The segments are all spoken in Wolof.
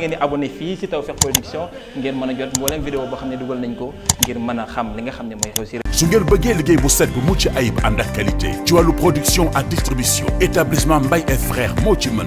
ngeen di abonné fii ci Tawfekh Production ngeen mën a jot mboolem vidéo boo xam ne dugal nañ ko ngir mën a xam li nga xam ne mooy xew ci su ngeen bëggee liggéey bu set bu mucc ayib ànd ak qualité ci wàllu production ak distribution établissement Mbaye et frères moo ci mën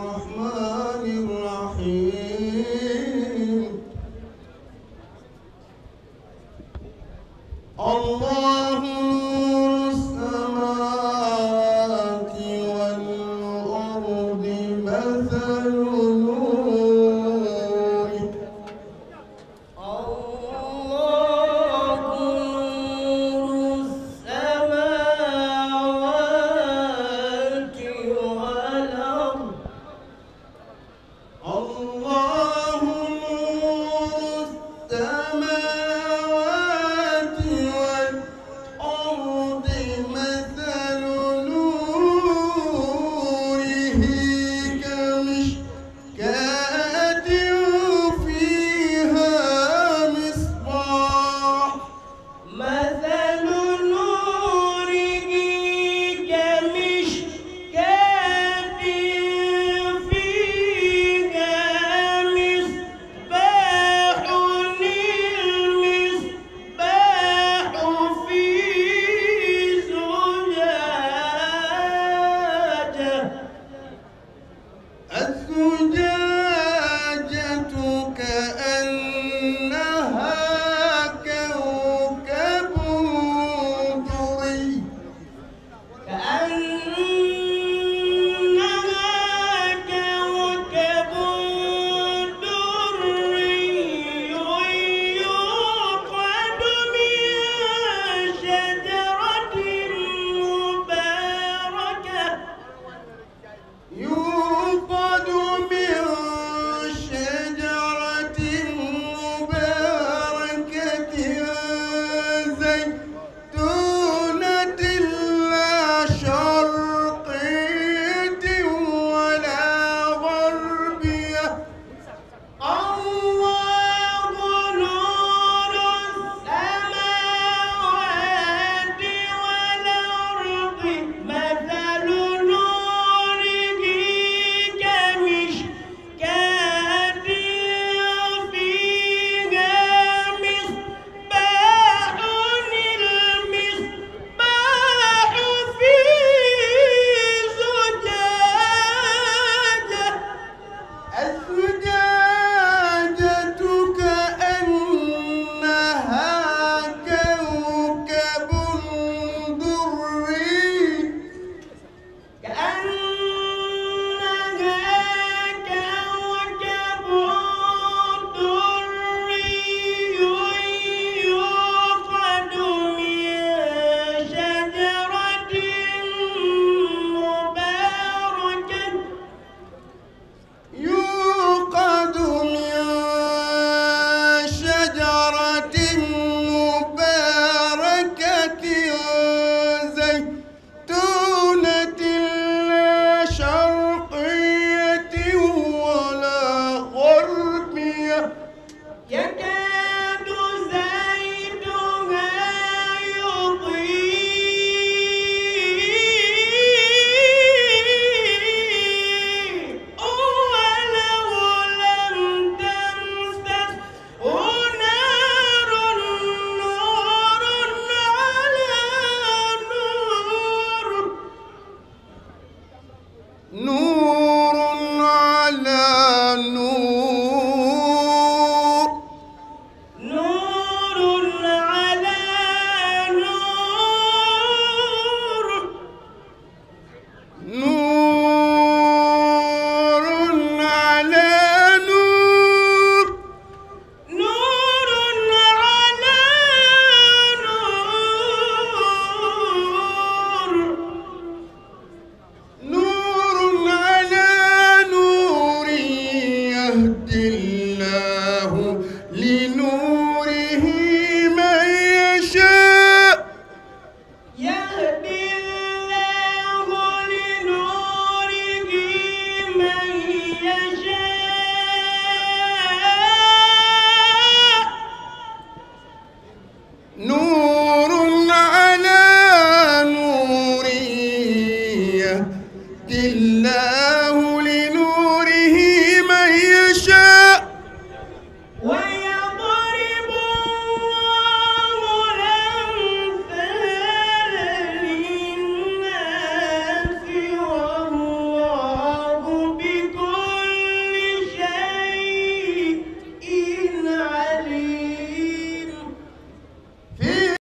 Allah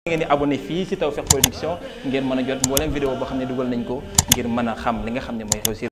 ngeen di abonné fii ci Tawfekh Production ngeen mën jot mboolem vidéo boo xam ne dugal nañ ko ngir mën xam li nga xam ne mooy xew ci